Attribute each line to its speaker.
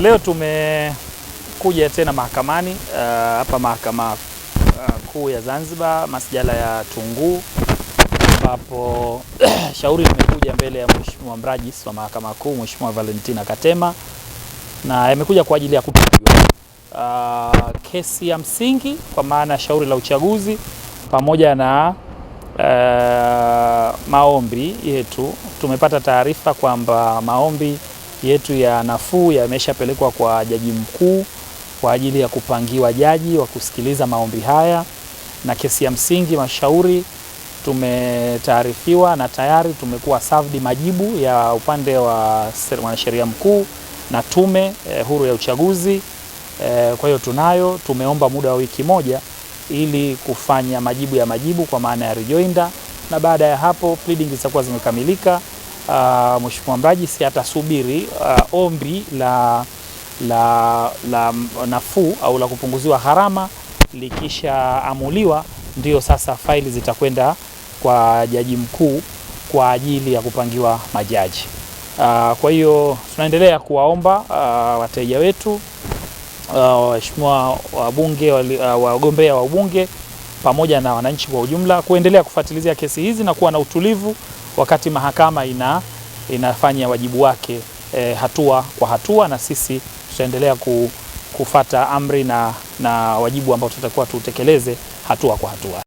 Speaker 1: Leo tumekuja tena mahakamani eh, hapa uh, mahakama uh, kuu ya Zanzibar masijala ya Tunguu ambapo shauri limekuja mbele ya Mheshimiwa Mrajis wa Mahakama Kuu Mheshimiwa Valentina Katema na yamekuja kwa ajili ya kupigwa uh, eh, kesi ya msingi kwa maana shauri la uchaguzi pamoja na uh, maombi yetu. Tumepata taarifa kwamba maombi yetu ya nafuu yameshapelekwa kwa jaji mkuu kwa ajili ya kupangiwa jaji wa kusikiliza maombi haya, na kesi ya msingi mashauri tumetaarifiwa na tayari tumekuwa served majibu ya upande wa mwanasheria mkuu na tume eh, huru ya uchaguzi eh, kwa hiyo tunayo, tumeomba muda wa wiki moja ili kufanya majibu ya majibu kwa maana ya rejoinder, na baada ya hapo pleading zitakuwa zimekamilika uh, Mheshimiwa Mrajis atasubiri uh, ombi la, la, la nafuu au la kupunguziwa gharama likishaamuliwa, ndio sasa faili zitakwenda kwa jaji mkuu kwa ajili ya kupangiwa majaji. Uh, kwa hiyo tunaendelea kuwaomba uh, wateja wetu waheshimiwa uh, wabunge uh, wa ubunge pamoja na wananchi kwa ujumla kuendelea kufuatilia kesi hizi na kuwa na utulivu wakati mahakama ina, inafanya wajibu wake e, hatua kwa hatua, na sisi tutaendelea ku, kufata amri na, na wajibu ambao tutakuwa tutekeleze hatua kwa hatua.